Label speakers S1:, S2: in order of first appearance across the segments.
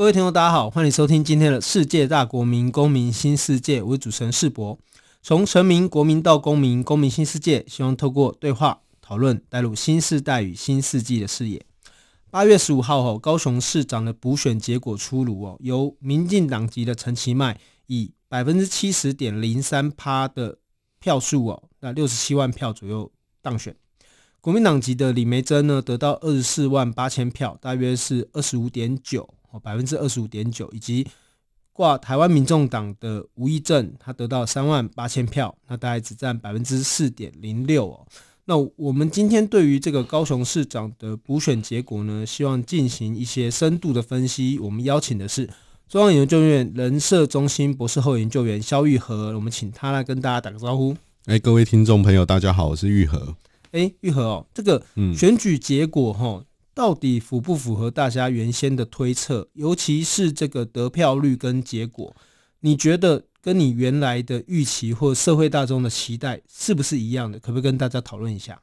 S1: 各位聽眾，大家好，歡迎收聽今天的世界大國民公民新世界。我是主持人士博，從臣民、國民到公民，公民新世界，希望透過對話討論，帶入新世代與新世紀的視野。八月十五號哦，高雄市長的補選結果出爐哦，由民進黨籍的陳其邁以百分之七十點零三趴的票數哦，那六十七萬票左右當選。國民黨籍的李眉蓁呢，得到二十四萬八千票，大約是二十五點九。百分之二十五點九，以及掛台灣民眾黨的吳益政，他得到三萬八千票，那大概只占百分之四點零六哦。那我們今天對於這個高雄市長的補選結果呢，希望進行一些深度的分析。我們邀請的是中央研究院人社中心博士後研究員蕭育和，我們請他來跟大家打個招呼。
S2: 哎、欸，各位聽眾朋友，大家好，我是育和。
S1: 哎、欸，育和哦，這個選舉結果哈、哦。嗯到底符不符合大家原先的推測？尤其是這個得票率跟結果，你覺得跟你原來的預期或社會大眾的期待是不是一樣的？可不可以跟大家討論一下？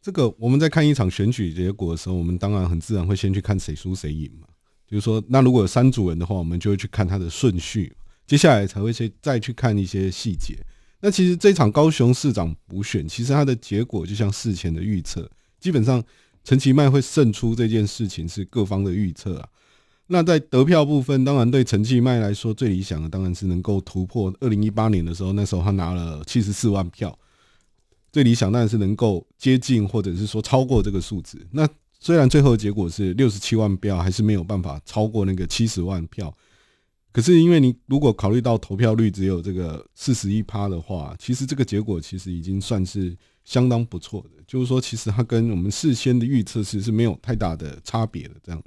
S2: 這個我們在看一場選舉結果的時候，我們當然很自然會先去看誰輸誰贏嘛。比如說，那如果有三組人的話，我們就會去看他的順序，接下來才會去再去看一些細節。那其實這場高雄市長補選，其實它的結果就像事前的預測，基本上。陳其邁會勝出這件事情是各方的預測啊。那在得票部分，當然對陳其邁來說最理想的當然是能夠突破二零一八年的時候，那時候他拿了七十四萬票。最理想當然是能夠接近或者是說超過這個數字。那雖然最後的結果是六十七萬票，還是沒有辦法超過那個七十萬票。可是因為你如果考慮到投票率只有這個四十一趴的話，其實這個結果其實已經算是相當不錯的。就是說，其實它跟我們事先的預測其實是沒有太大的差別的，這樣
S1: 子。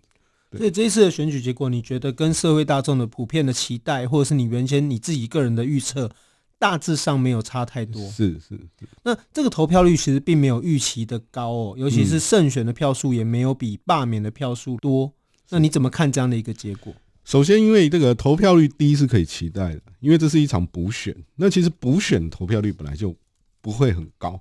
S1: 所以這一次的選舉結果，你覺得跟社會大眾的普遍的期待，或者是你原先你自己個人的預測，大致上沒有差太多？是是是。那這個投票率其實並沒有預期的高哦、喔，尤其是勝選的票數也沒有比罷免的票數多。嗯，那你怎麼看這樣的一個結果？首先，因
S2: 為這個投票率低是可以期待的，因為這是一場補選。那其實補選投票率本來就不會很高。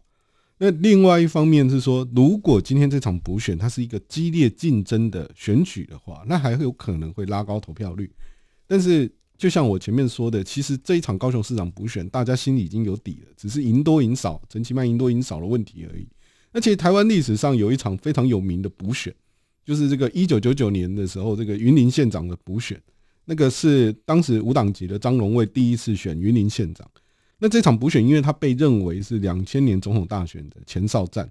S2: 那另外一方面是說，如果今天這場補選它是一個激烈競爭的選舉的話，那還有可能會拉高投票率。但是就像我前面說的，其實這一場高雄市長補選，大家心裡已經有底了，只是贏多贏少、陳其邁贏多贏少的問題而已。那其實台灣歷史上有一場非常有名的補選，就是這個一九九九年的時候，這個雲林縣長的補選，那個是當時無黨籍的張榮味第一次選雲林縣長。那這場補選，因為它被認為是兩千年總統大選的前哨戰，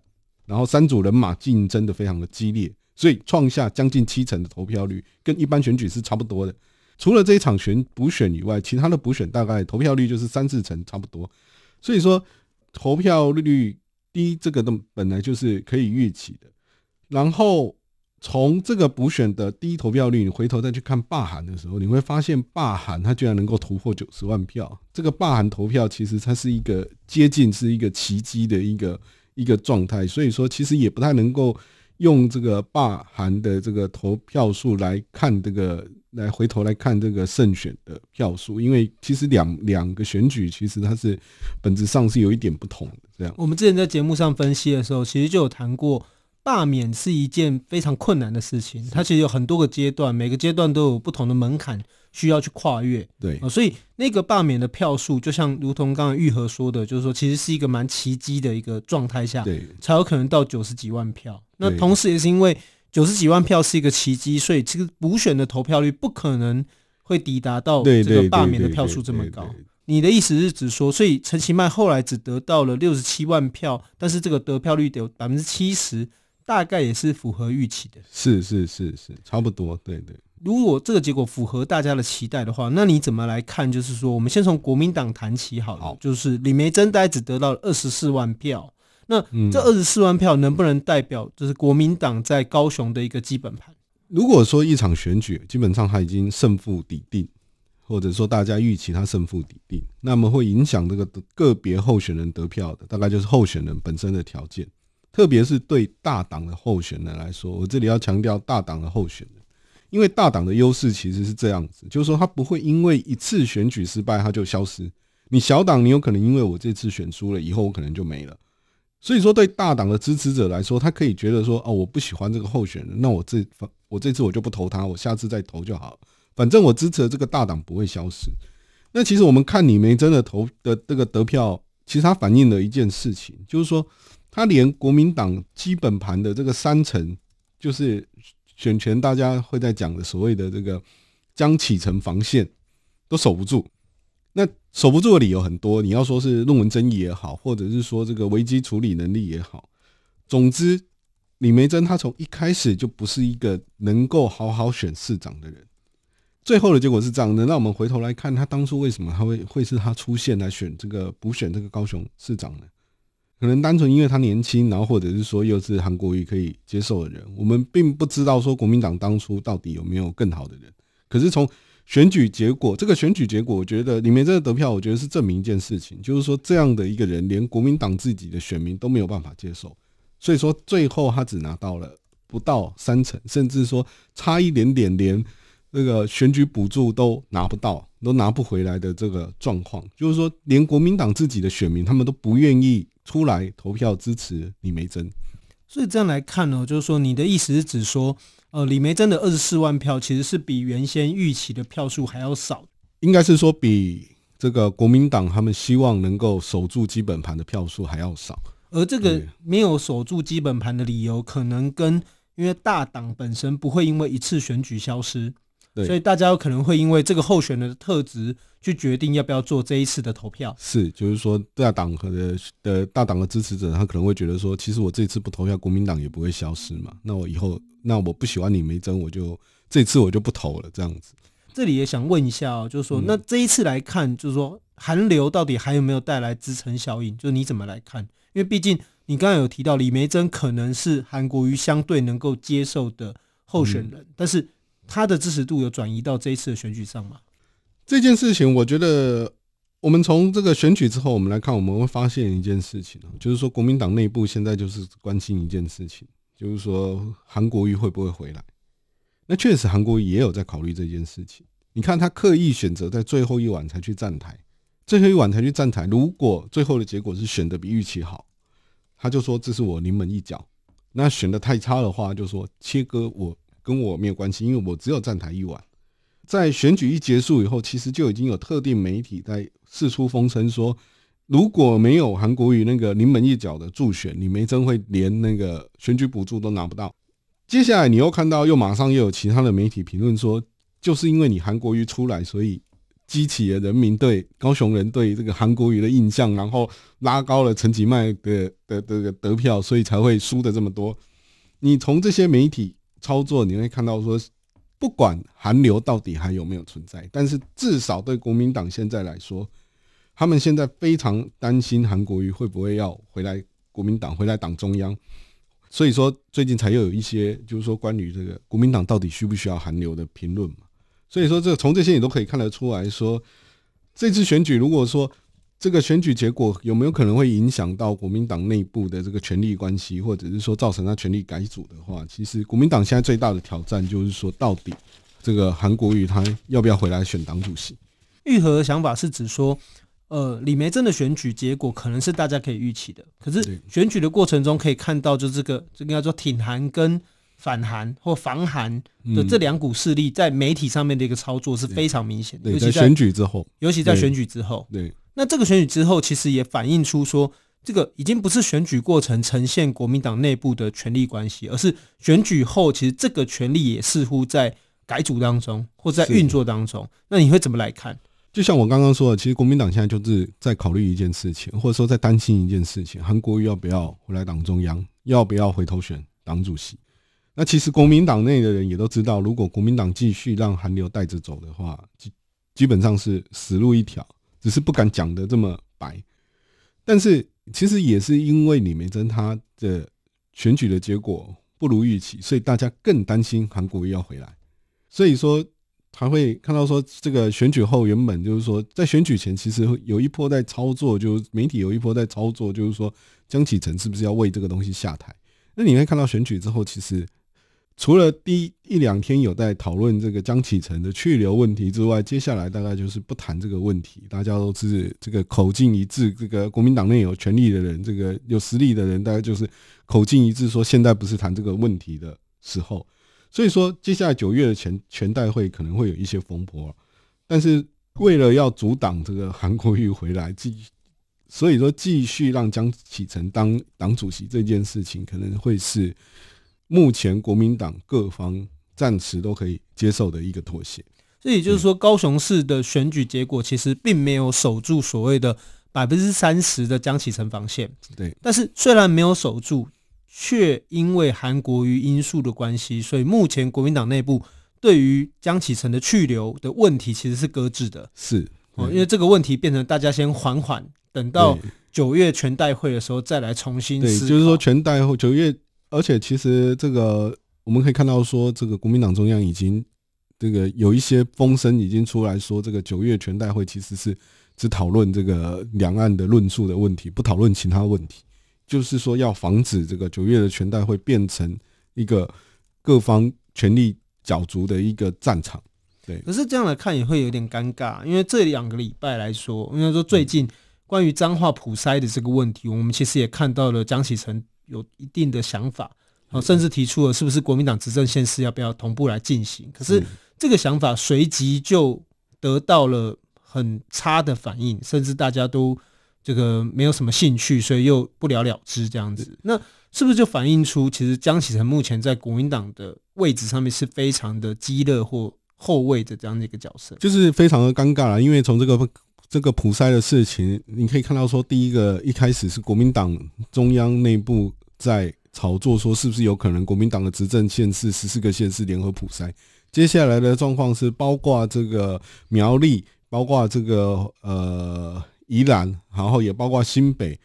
S2: 然後三組人馬競爭的非常的激烈，所以創下將近七成的投票率，跟一般選舉是差不多的。除了這一場選補選以外，其他的補選大概投票率就是三四成差不多。所以說，投票率低，這個都本來就是可以預期的。然後。從這個補選的第一投票率，你回頭再去看罷韓的時候，你會發現罷韓它居然能夠突破九十萬票。這個罷韓投票其實它是一個接近是一個奇蹟的一個一個狀態，所以說其實也不太能夠用這個罷韓的這個投票數來看這個，來回頭來看這個勝選的票數，因為其實兩兩個選舉其實它是本質上是有一點不同的。這樣，
S1: 我們之前在節目上分析的時候，其實就有談過。罷免是一件非常困難的事情，是它其實有很多個階段，每個階段都有不同的門檻需要去跨越。對、呃，所以那個罷免的票數，就像如同剛剛育和說的，就是說其實是一個蠻奇蹟的一個狀態下，對才有可能到九十幾萬票。對那同時也是因為九十幾萬票是一個奇蹟，所以其實補選的投票率不可能會抵達到這個罷免的票數這麼高。你的意思是指說，所以陳其邁後來只得到了六十七萬票，但是這個得票率得有百分之七十。大概也是符合預期的，
S2: 是是是是，差不多，對對,對。
S1: 如果這個結果符合大家的期待的話，那你怎麼來看？就是說，我們先從國民黨談起好了。好就是李眉蓁，大概只得到了二十四萬票。那這二十四萬票能不能代表，就是國民黨在高雄的一個基本盤？
S2: 如果說一場選舉基本上他已經勝負底定，或者說大家預期他勝負底定，那麼會影響這個個別候選人得票的，大概就是候選人本身的條件。特別是對大黨的候選人來說，我這裡要強調大黨的候選人，因為大黨的優勢其實是這樣子，就是說他不會因為一次選舉失敗他就消失。你小黨，你有可能因為我這次選輸了，以後我可能就沒了。所以說，對大黨的支持者來說，他可以覺得說，哦，我不喜歡這個候選人，那我這我這次我就不投他，我下次再投就好，反正我支持的這個大黨不會消失。那其實我們看李眉蓁的投的這個得票，其實它反映了一件事情，就是說。他連國民黨基本盤的這個三成，就是選前大家會在講的所謂的這個江啟臣防線都守不住。那守不住的理由很多，你要說是論文爭議也好，或者是說這個危機處理能力也好。總之，李眉蓁他從一開始就不是一個能夠好好選市長的人。最後的結果是這樣的，那我們回頭來看，他當初為什麼他會會是他出現來選這個補選這個高雄市長呢？可能單純因為他年輕，然後或者是說又是韓國瑜可以接受的人，我們並不知道說國民黨當初到底有沒有更好的人。可是從選舉結果，這個選舉結果，我覺得裡面這個得票，我覺得是證明一件事情，就是說這樣的一個人，連國民黨自己的選民都沒有辦法接受，所以說最後他只拿到了不到三成，甚至說差一點點連那個選舉補助都拿不到，都拿不回來的這個狀況，就是說連國民黨自己的選民，他們都不願意。出來投票支持李眉蓁，
S1: 所以這樣來看呢、喔，就是說你的意思是，指說，呃，李眉蓁的二十四萬票其實是比原先預期的票數還要少，
S2: 應該是說比這個國民黨他們希望能夠守住基本盤的票數還要少，
S1: 而這個沒有守住基本盤的理由，可能跟因為大黨本身不會因為一次選舉消失。所以大家有可能會因為這個候選人的特質，去決定要不要做這一次的投票。
S2: 是，就是說大，大黨和的的大黨的支持者，他可能會覺得說，其實我這次不投票，國民黨也不會消失嘛。那我以後，那我不喜歡李眉蓁，我就這次我就不投了，這樣子。
S1: 這裡也想問一下哦，就是說，嗯、那這一次來看，就是說，韓流到底還有沒有帶來支撐效應？就你怎麼來看？因為畢竟你剛剛有提到，李眉蓁可能是韓國瑜相對能夠接受的候選人，嗯、但是。他的支持度有轉移到這一次的選舉上嗎？
S2: 這件事情，我覺得我們從這個選舉之後，我們來看，我們會發現一件事情啊，就是說國民黨內部現在就是關心一件事情，就是說韓國瑜會不會回來？那確實，韓國瑜也有在考慮這件事情。你看，他刻意選擇在最後一晚才去站台，最後一晚才去站台。如果最後的結果是選的比預期好，他就說這是我臨門一腳；那選的太差的話，就說切割我。跟我沒有關係，因為我只有站台一晚。在選舉一結束以後，其實就已經有特定媒體在四處風聲說，如果沒有韓國瑜那個臨門一腳的助選，李眉蓁會連那個選舉補助都拿不到。接下來你又看到，又馬上又有其他的媒體評論說，就是因為你韓國瑜出來，所以激起了人民對高雄人對這個韓國瑜的印象，然後拉高了陳其邁的的這個得票，所以才會輸的這麼多。你從這些媒體。操作你會看到說，不管韓流到底還有沒有存在，但是至少對國民黨現在來說，他們現在非常擔心韓國瑜會不會要回來國民黨、回來黨中央，所以說最近才又有一些就是說關於這個國民黨到底需不需要韓流的評論嘛，所以說這從這些你都可以看得出來說，這次選舉如果說。這個選舉結果有沒有可能會影響到國民黨內部的這個權力關係，或者是說造成他權力改組的話？其實，國民黨現在最大的挑戰就是說，到底這個韓國瑜他要不要回來選黨主席？
S1: 育和的想法是指說，呃，李眉蓁的選舉結果可能是大家可以預期的，可是選舉的過程中可以看到，就這個這個叫做挺韓跟反韓或防韓的、嗯、這兩股勢力，在媒體上面的一個操作是非常明顯的，尤其在選舉之後，尤其在選舉之後，對。那這個選舉之後，其實也反映出說，這個已經不是選舉過程呈現國民黨內部的權力關係，而是選舉後，其實這個權力也似乎在改組當中，或是在運作當中。是的 那你會怎麼來看？
S2: 就像我剛剛說的，其實國民黨現在就是在考慮一件事情，或者說在擔心一件事情：韓國瑜要不要回來黨中央？要不要回頭選黨主席？那其實國民黨內的人也都知道，如果國民黨繼續讓韓流帶着走的話，基基本上是死路一條。只是不敢講的這麼白，但是其實也是因為李眉蓁他的選舉的結果不如預期，所以大家更擔心韓國瑜要回來，所以說才會看到說這個選舉後，原本就是說在選舉前其實有一波在操作，就媒體有一波在操作，就是說江啟臣是不是要為這個東西下台？那你會看到選舉之後，其實。除了第一兩天有在討論這個江啟臣的去留問題之外，接下來大概就是不談這個問題。大家都知這個口徑一致，這個國民黨內有權力的人，這個有實力的人，大概就是口徑一致，說現在不是談這個問題的時候。所以說，接下來九月的全全代會可能會有一些風波，但是為了要阻擋這個韓國瑜回來繼，所以說繼續讓江啟臣當黨主席這件事情，可能會是。目前國民黨各方暫時都可以接受的一個妥協，
S1: 這也就是說，高雄市的選舉結果其實並沒有守住所謂的百分之三十的江啟臣防線。對，但是雖然沒有守住，卻因為韓國瑜因素的關係，所以目前國民黨內部對於江啟臣的去留的問題其實是擱置的。是，因為這個問題變成大家先緩緩，等到九月全代會的時候再來重新。對，就是說
S2: 全代會九月。而且，其實這個我們可以看到，說這個國民黨中央已經這個有一些風聲已經出來說，這個九月全代會其實是只討論這個兩岸的論述的問題，不討論其他問題，就是說要防止這個九月的全代會變成一個各方權力角逐的一個戰場。
S1: 對，可是這樣來看也會有點尷尬，因為這兩個禮拜來說，應該說最近關於彰化普篩的這個問題，嗯、我們其實也看到了江啟臣有一定的想法，啊，甚至提出了是不是國民黨執政縣市要不要同步來進行？可是這個想法隨即就得到了很差的反應，甚至大家都這個沒有什麼興趣，所以又不了了之這樣子。那是不是就反映出其實江啟臣目前在國民黨的位置上面是非常的激熱或後衛的這樣的一個角色？就
S2: 是非常的尷尬啦。因為從這個這個普篩的事情，你可以看到說，第一個一開始是國民黨中央內部。在炒作說是不是有可能國民黨的執政縣市十四個縣市聯合普篩？接下來的狀況是，包括這個苗栗，包括這個呃宜蘭，然後也包括新北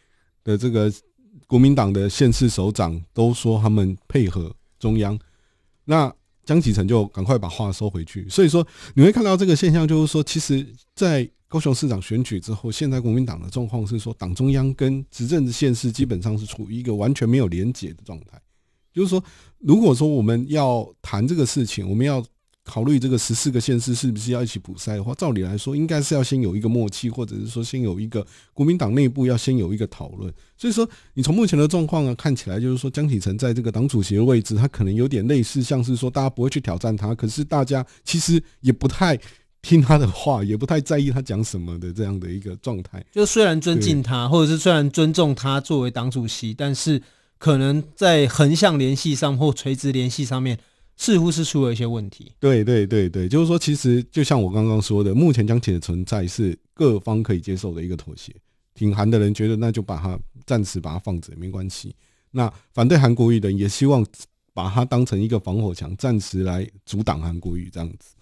S2: 的這個國民黨的縣市首長都說他們配合中央，那江啟臣就趕快把話收回去。所以說你會看到這個現象，就是說其實在。高雄市長選舉之後，現在國民黨的狀況是說，黨中央跟執政的縣市基本上是處於一個完全沒有連結的狀態。就是說，如果說我們要談這個事情，我們要考慮這個十四個縣市是不是要一起補賽的話，照理來說，應該是要先有一個默契，或者是說先有一個國民黨內部要先有一個討論。所以說，你從目前的狀況啊，看起來，就是說江啟臣在這個黨主席的位置，他可能有點類似，像是說大家不會去挑戰他，可是大家其實也不太。聽他的話，也不太在意他講什麼的這樣的一個狀態。就雖然尊敬
S1: 他，對或者是雖然尊重他作為黨主席，但是可能在橫向聯繫上或垂直聯繫上面，似乎是出了一些問題。
S2: 對對對對，就是說，其實就像我剛剛說的，目前僵局的存在是各方可以接受的一個妥協。挺韓的人覺得那就把它暫時把它放着沒關係，那反對韓國瑜的人也希望把它當成一個防火牆，暫時來阻擋韓國瑜這樣子。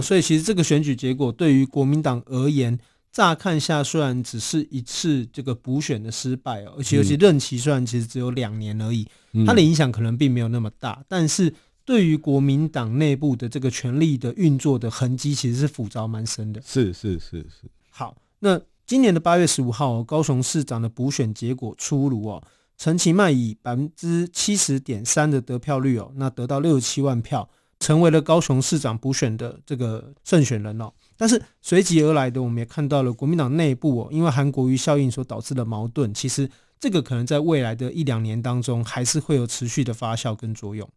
S1: 所以其實這個選舉結果對於國民黨而言，乍看下雖然只是一次這個補選的失敗哦，而且尤其任期雖然其實只有兩年而已，嗯嗯、它的影響可能並沒有那麼大，但是對於國民黨內部的這個權力的運作的痕跡，其實是複雜蠻深的。是是是是。是是是好，那今年的八月十五號，高雄市長的補選結果出爐哦，陳其邁以百分之七十點三的得票率哦，那得到六十七萬票。成為了高雄市長補選的這個勝選人哦，但是隨即而來的，我們也看到了國民黨內部哦，因為韓國瑜效應所導致的矛盾。其實這個可能在未來的一兩年當中，還是會有持續的發酵跟作用。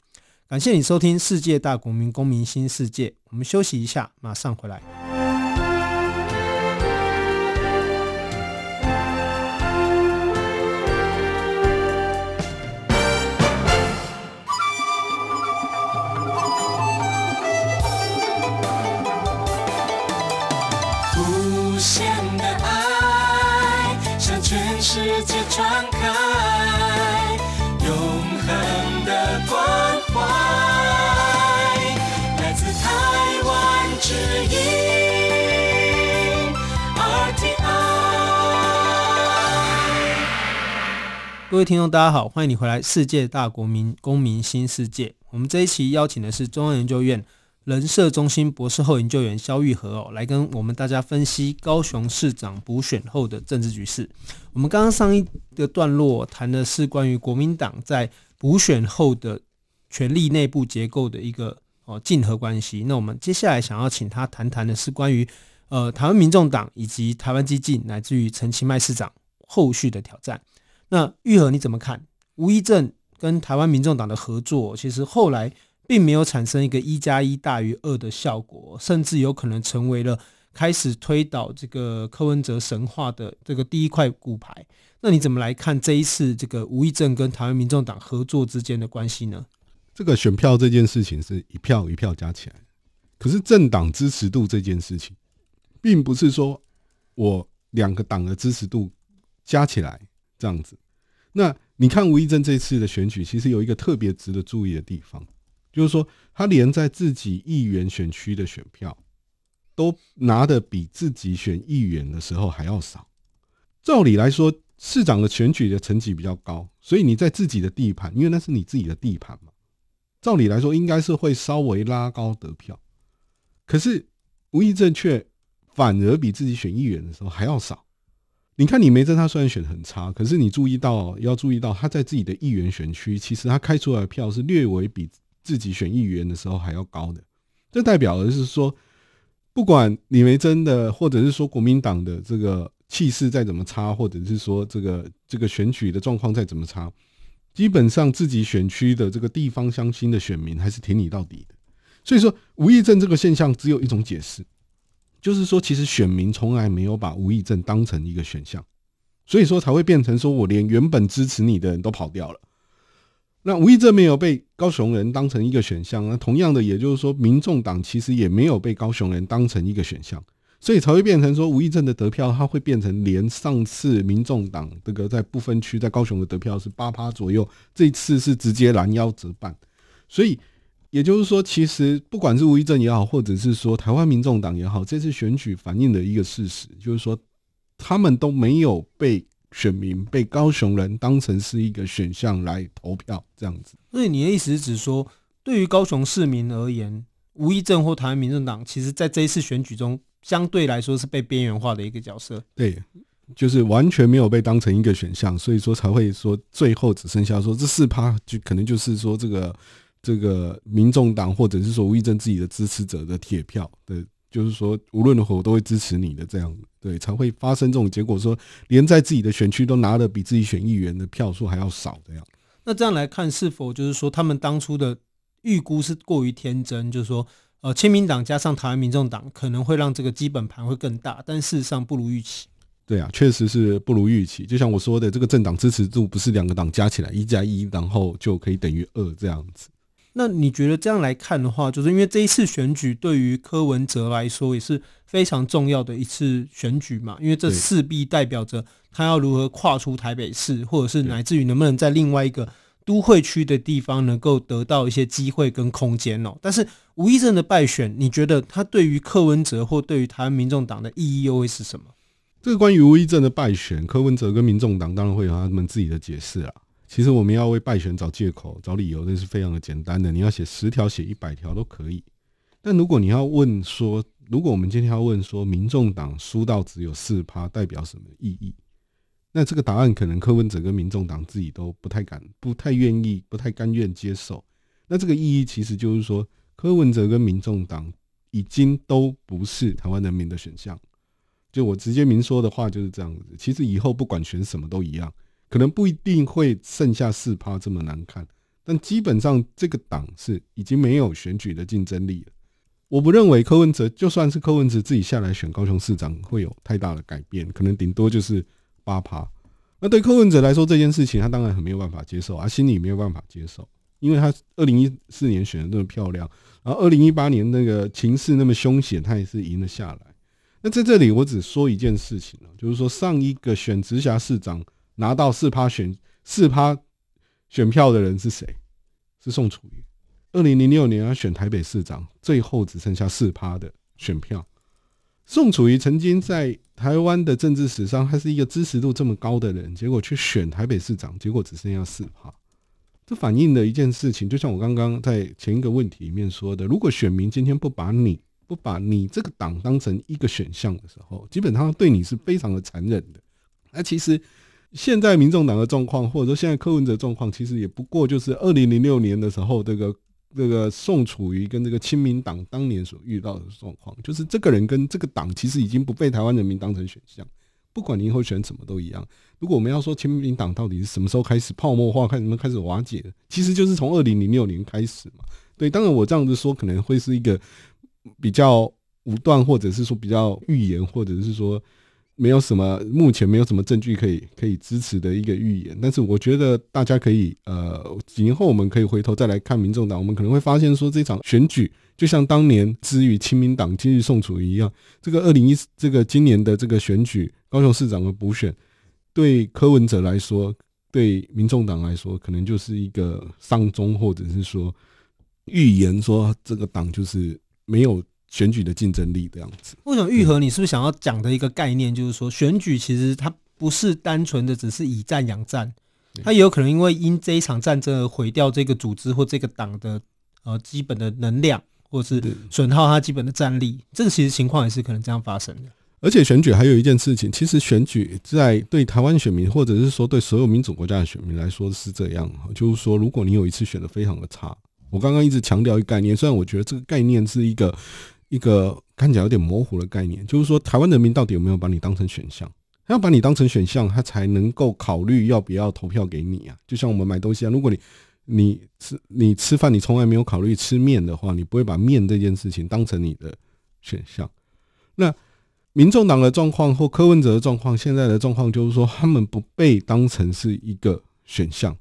S1: 感謝你收聽《世界大國民公民新世界》，我們休息一下，馬上回來。各位聽眾，大家好，歡迎你回來《世界大國民公民新世界》。我們這一期邀請的是中央研究院人社中心博士後研究員蕭育和哦，來跟我們大家分析高雄市長補選後的政治局勢。我們剛剛上一個段落談的是關於國民黨在補選後的權力內部結構的一個哦競合關係。那我們接下來想要請他談談的是關於呃台灣民眾黨以及台灣基進乃至於陳其邁市長後續的挑戰。那育和，你怎麼看吳益政跟台灣民眾黨的合作？其實後來並沒有產生一個一加一大於二的效果，甚至有可能成為了開始推倒這個柯文哲神話的這個第一塊骨牌。那你怎麼來看這一次這個吳益政跟台灣民眾黨合作之間的關係呢？這
S2: 個選票這件事情是一票一票加起來，可是政黨支持度這件事情，並不是說我兩個黨的支持度加起來。這樣子，那你看吳益政這次的選舉，其實有一個特別值得注意的地方，就是說他連在自己議員選區的選票，都拿的比自己選議員的時候還要少。照理來說，市長的選舉的層級比較高，所以你在自己的地盤，因為那是你自己的地盤嘛，照理來說應該是會稍微拉高得票。可是吳益政卻反而比自己選議員的時候還要少。你看，李眉蓁他雖然選很差，可是你注意到，要注意到他在自己的議員選區，其實他開出來的票是略微比自己選議員的時候還要高的。這代表的是說，不管李眉蓁的，或者是說國民黨的這個氣勢再怎麼差，或者是說這個這個選舉的狀況再怎麼差，基本上自己選區的這個地方鄉親的選民還是挺你到底的。所以說，吳益政這個現象只有一種解釋。就是說，其實選民從來沒有把吳益政當成一個選項，所以說才會變成說我連原本支持你的人都跑掉了。那吳益政沒有被高雄人當成一個選項，那同樣的，也就是說，民眾黨其實也沒有被高雄人當成一個選項，所以才會變成說，吳益政的得票他會變成連上次民眾黨這個在不分區在高雄的得票是八趴左右，這次是直接攔腰折半，所以。也就是說，其實不管是吳益政也好，或者是說台灣民眾黨也好，這次選舉反映的一個事實，就是說他們都沒有被選民、被高雄人當成是一個選項來投票，這樣子。
S1: 所以你的意思，是指說對於高雄市民而言，吳益政或台灣民眾黨，其實在這一次選舉中，相對來說是被邊緣化的一個角色。
S2: 對，就是完全沒有被當成一個選項，所以說才會說最後只剩下說這四趴，就可能就是說這個。這個民眾黨或者是說吳益政自己的支持者的鐵票，對，就是說無論如何都會支持你的這樣，對，才會發生這種結果，說連在自己的選區都拿的比自己選議員的票數還要少這樣。
S1: 那這樣來看，是否就是說他們當初的預估是過於天真，就是說，呃，親民黨加上台灣民眾黨可能會讓這個基本盤會更大，但事實上不如預期。
S2: 對啊，確實是不如預期。就像我說的，這個政黨支持度不是兩個黨加起來一加一，然後就可以等於二這樣子。
S1: 那你覺得這樣來看的話，就是因為這一次選舉對於柯文哲來說也是非常重要的一次選舉嘛？因為這勢必代表着他要如何跨出台北市，或者是乃至於能不能在另外一個都會區的地方能夠得到一些機會跟空間哦。但是吳益政的敗選，你覺得他對於柯文哲或對於台灣民眾黨的意義又會是什麼？
S2: 這個關於吳益政的敗選，柯文哲跟民眾黨當然會有他們自己的解釋啊。其實我們要為敗選找借口、找理由，這是非常的簡單的。你要寫十條、寫一百條都可以。但如果你要問說，如果我們今天要問說，民眾黨輸到只有四趴，代表什麼意義？那這個答案可能柯文哲跟民眾黨自己都不太敢、不太願意、不太甘願接受。那這個意義其實就是說，柯文哲跟民眾黨已經都不是台灣人民的選項。就我直接明說的話就是這樣子。其實以後不管選什麼都一樣。可能不一定會剩下四趴這麼難看，但基本上這個黨是已經沒有選舉的競爭力了。我不認為柯文哲，就算是柯文哲自己下來選高雄市長會有太大的改變，可能頂多就是八趴。那對柯文哲來說，這件事情，他當然很沒有辦法接受啊，心裡也沒有辦法接受，因為他二零一四年選的那麼漂亮，然後二零一八年那個情勢那麼兇險，他也是贏了下來。那在這裡我只說一件事情，啊，就是說上一個選直轄市長。拿到四趴選四趴選票的人是誰？是宋楚瑜。二零零六年要選台北市長，最後只剩下四趴的選票。宋楚瑜曾經在台灣的政治史上，他是一個支持度這麼高的人，結果卻選台北市長，結果只剩下四趴。這反映了一件事情，就像我剛剛在前一個問題裡面說的，如果選民今天不把你不把你這個黨當成一個選項的時候，基本上對你是非常的殘忍的。那其實。現在民眾黨的狀況，或者說現在柯文哲狀況，其實也不過就是二零零六年的時候，這個這個宋楚瑜跟這個親民黨當年所遇到的狀況，就是這個人跟這個黨其實已經不被台灣人民當成選項，不管你以後選什麼都一樣。如果我們要說親民黨到底是什麼時候開始泡沫化、開始開始瓦解，其實就是從二零零六年開始嘛。對，當然我這樣子說可能會是一個比較武斷，或者是說比較預言，或者是說。沒有什麼，目前沒有什麼證據可以可以支持的一個預言。但是我覺得大家可以，呃，幾年後我們可以回頭再來看民眾黨，我們可能會發現說這場選舉就像當年之於親民黨今日宋楚瑜一樣，這個二零一這個今年的這個選舉，高雄市長的補選，對柯文哲來說，對民眾黨來說，可能就是一個喪鐘，或者是說預言說這個黨就是沒有。選舉的競爭力這樣子，為
S1: 什麼育和？你是不是想要講的一個概念，就是說選舉其實它不是單純的只是以戰養戰，它也有可能因為因這一場戰爭而毀掉這個組織或這個黨的呃基本的能量，或是損耗它基本的戰力，這個其實情況也是可能這樣發生的。
S2: 而且選舉還有一件事情，其實選舉在對台灣選民或者是說對所有民主國家的選民來說是這樣，就是說如果你有一次選得非常的差，我剛剛一直強調一個概念，雖然我覺得這個概念是一個。一個看起來有點模糊的概念，就是說台灣人民到底有沒有把你當成選項？他要把你當成選項，他才能夠考慮要不要投票給你啊。就像我們買東西啊，如果你你吃你吃飯，你從來沒有考慮吃麵的話，你不會把面這件事情當成你的選項。那民眾黨的狀況或柯文哲的狀況，現在的狀況就是說他們不被當成是一個選項，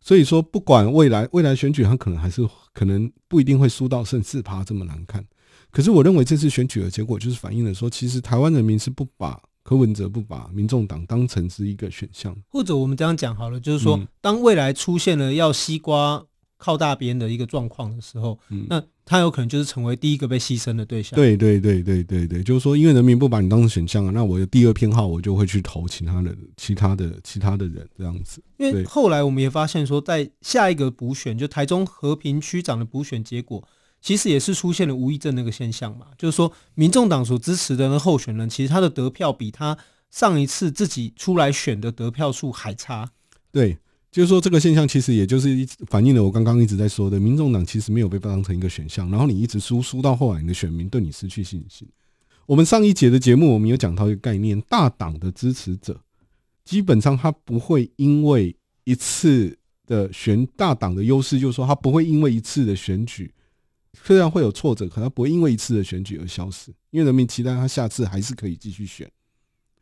S2: 所以說不管未來未來選舉，他可能還是可能不一定會輸到剩四趴這麼難看。可是我認為這次選舉的結果就是反映了說，其實台灣人民是不把柯文哲、不把民眾黨當成是一個選項。
S1: 或者我們這樣講好了，就是說，嗯、當未來出現了要西瓜靠大邊的一個狀況的時候，嗯、那他有可能就是成為第一個被犧牲的對象。嗯、對對
S2: 對對對對，就是說，因為人民不把你當成選項了，那我的第二偏好我就會去投其他的、其他的、其他的人這樣子。
S1: 因為後來我們也發現說，在下一個補選，就台中和平區長的補選結果。其實也是出現了無意症那個現象嘛，就是說，民眾黨所支持的那候選人，其實他的得票比他上一次自己出來選的得票數還差。
S2: 對，就是說這個現象其實也就是反映了我剛剛一直在說的，民眾黨其實沒有被當成一個選項，然後你一直輸輸到後來，你的選民對你失去信心。我們上一節的節目，我們有講到一個概念，大黨的支持者基本上他不會因為一次的選大黨的優勢，就是說他不會因為一次的選舉。雖然會有挫折，可他不會因為一次的選舉而消失，因為人民期待他下次還是可以繼續選。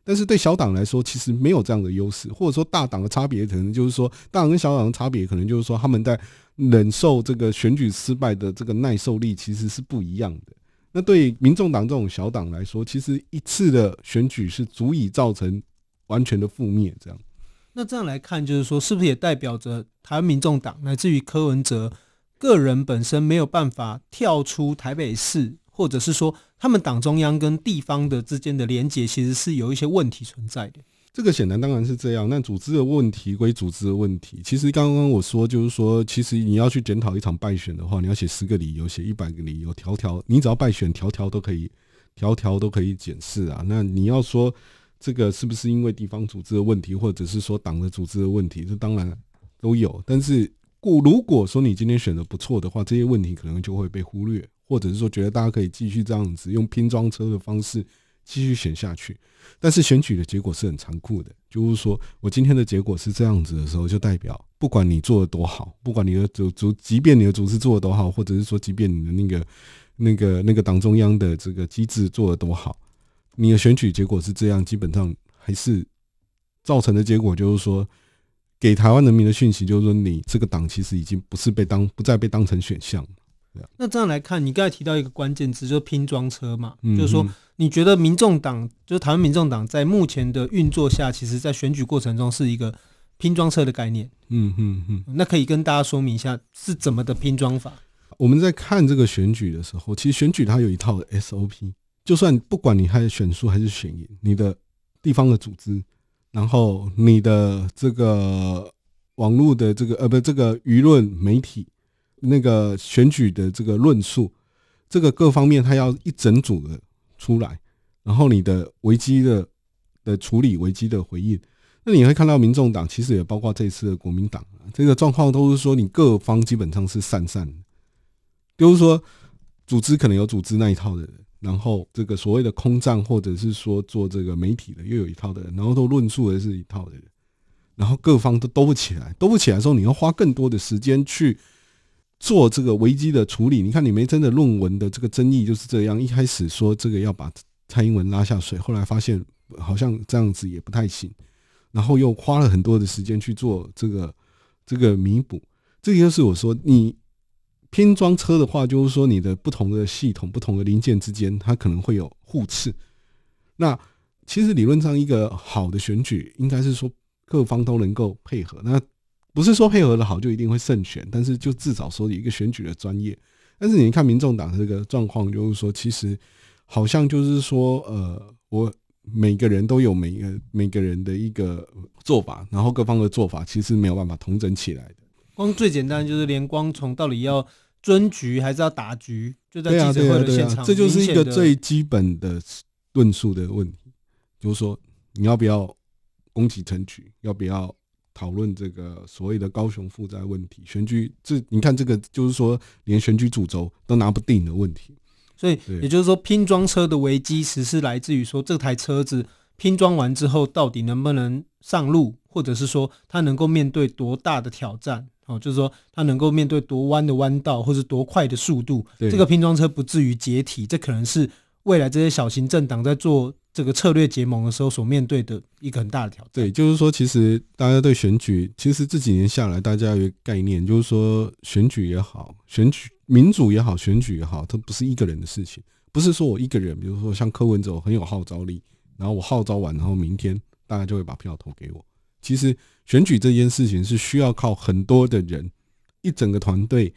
S2: 但是對小黨來說，其實沒有這樣的優勢，或者說大黨的差別可能就是說，大黨跟小黨的差別可能就是說，他們在忍受這個選舉失敗的這個耐受力其實是不一樣的。那對民眾黨這種小黨來說，其實一次的選舉是足以造成完全的覆滅。這樣，
S1: 那這樣來看，就是說，是不是也代表着台灣民眾黨乃至於柯文哲？個人本身沒有辦法跳出台北市，或者是說他們黨中央跟地方的之間的連結，其實是有一些問題存在的。
S2: 這個顯然當然是這樣。那組織的問題歸組織的問題，其實剛剛我說就是說，其實你要去檢討一場敗選的話，你要寫十個理由，寫一百個理由，條條你只要敗選，條條都可以，條條都可以檢視啊。那你要說這個是不是因為地方組織的問題，或者是說黨的組織的問題，這當然都有，但是。故如果說你今天選的不錯的話，這些問題可能就會被忽略，或者是說覺得大家可以繼續這樣子用拼裝車的方式繼續選下去。但是選舉的結果是很殘酷的，就是說我今天的結果是這樣子的時候，就代表不管你做的多好，不管你的組組，即便你的組織做的多好，或者是說即便你的那個那個那個黨中央的這個機制做的多好，你的選舉結果是這樣，基本上還是造成的結果就是說。給台灣人民的訊息就是說，你這個黨其實已經不是被當不再被當成選項
S1: 了。那這樣來看，你剛才提到一個關鍵字，就是拼裝車嘛，就是說，你覺得民眾黨，就是台灣民眾黨在目前的運作下，其實在選舉過程中是一個拼裝車的概念。嗯嗯嗯。那可以跟大家說明一下是怎麼的拼裝法？
S2: 我們在看這個選舉的時候，其實選舉它有一套 SOP，就算不管你是選輸還是選贏，你的地方的組織。然後你的這個網絡的這個呃不，這個輿論媒體那個選舉的這個論述，這個各方面它要一整組的出來。然後你的危機的的處理危機的回應，那你會看到民眾黨其實也包括這一次的國民黨，這個狀況都是說你各方基本上是散散，就是說組織可能有組織那一套的人。然後這個所謂的空戰，或者是說做這個媒體的又有一套的人，然後都論述的是一套的人，然後各方都兜不起來，兜不起來的時候，你要花更多的時間去做這個危機的處理。你看，李眉蓁的論文的這個爭議就是這樣，一開始說這個要把蔡英文拉下水，後來發現好像這樣子也不太行，然後又花了很多的時間去做這個這個彌補。這個就是我說你。拼裝車的話，就是說你的不同的系統、不同的零件之間，它可能會有互斥。那其實理論上一個好的選舉，應該是說各方都能夠配合。那不是說配合的好就一定會勝選，但是就至少說有一個選舉的專業。但是你看民眾黨這個狀況，就是說其實好像就是說，呃，我每個人都有每個每個人的一個做法，然後各方的做法其實沒有辦法統整起來的。
S1: 光最簡單就是連光從到底要尊局還是要打局，就在記者會的現場，這就是一個最
S2: 基本的論述的問題，就是說你要不要攻擊城局，要不要討論這個所謂的高雄負債問題選舉？這你看這個就是說連選舉主軸都拿不定的問題，
S1: 所以也就是說拼裝車的危機，其實是來自於說，這台車子拼裝完之後到底能不能上路，或者是說它能夠面對多大的挑戰。哦，就是說他能夠面對多彎的彎道或是多快的速度，對這個拼裝車不至於解體，這可能是未來這些小型政黨在做這個策略結盟的時候所面對的一個很大的挑
S2: 戰。對，就是說，其實大家對選舉，其實這幾年下來，大家有一個概念，就是說選舉也好，選舉民主也好，選舉也好，它不是一個人的事情，不是說我一個人，比如說像柯文哲很有號召力，然後我號召完，然後明天大家就會把票投給我。其實選舉這件事情是需要靠很多的人，一整個團隊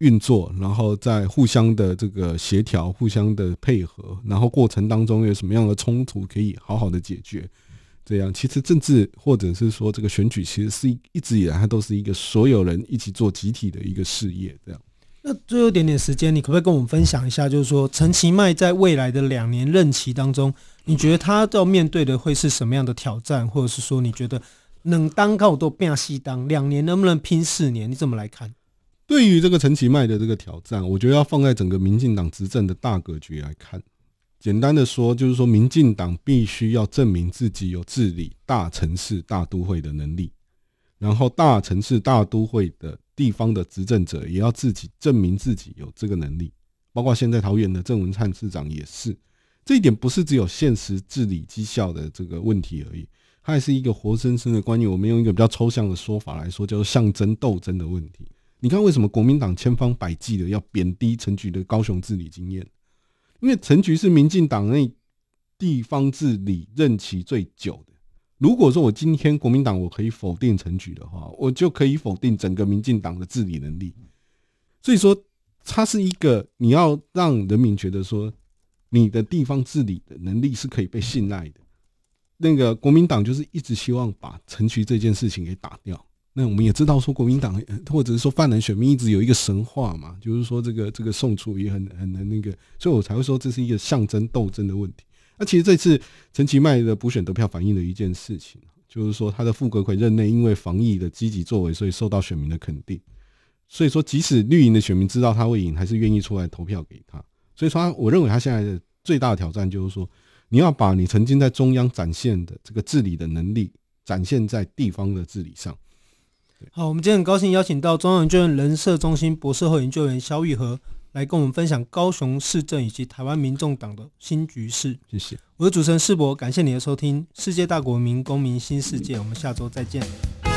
S2: 運作，然後在互相的這個協調、互相的配合，然後過程當中有什麼樣的衝突可以好好的解決。這樣，其實政治或者是說這個選舉，其實是一直以來它都是一個所有人一起做集體的一個事業。這樣，
S1: 那最後一點點時間，你可不可以跟我們分享一下，就是說陳其邁在未來的兩年任期當中，你覺得他要面對的會是什麼樣的挑戰，或者是說你覺得？能當靠都變西當，兩年能不能拼四年？你怎麼來看？
S2: 對於這個陳其邁的這個挑戰，我覺得要放在整個民進黨執政的大格局來看。簡單的說，就是說民進黨必須要證明自己有治理大城市大都會的能力，然後大城市大都會的地方的執政者也要自己證明自己有這個能力。包括現在桃園的鄭文燦市長也是，這一點不是只有現實治理績效的這個問題而已。它也是一個活生生的觀念，我們用一個比較抽象的說法來說，叫做象徵鬥爭的問題。你看，為什麼國民黨千方百計的要貶低陳菊的高雄治理經驗？因為陳菊是民進黨內地方治理任期最久的。如果說我今天國民黨我可以否定陳菊的話，我就可以否定整個民進黨的治理能力。所以說，它是一個你要讓人民覺得說，你的地方治理的能力是可以被信賴的。那個國民黨就是一直希望把陳渠這件事情給打掉。那我們也知道說，國民黨或者是說犯人選民一直有一個神話嘛，就是說這個這個宋楚瑜很很能那個，所以我才會說這是一個象徵鬥爭的問題。那其實這次陳其邁的補選得票反映了一件事情，就是說他的傅格魁任內因為防疫的積極作為，所以受到選民的肯定。所以說，即使綠營的選民知道他會贏，還是願意出來投票給他。所以說，我認為他現在的最大的挑戰就是說。你要把你曾經在中央展現的這個治理的能力，展現在地方的治理上。
S1: 好，我們今天很高興邀請到中央研究院人社中心博士後研究員蕭育和來跟我們分享高雄市政以及台灣民眾黨的新局勢。謝謝，我是主持人士博，感謝你的收聽《世界大國民公民新世界》，我們下周再見。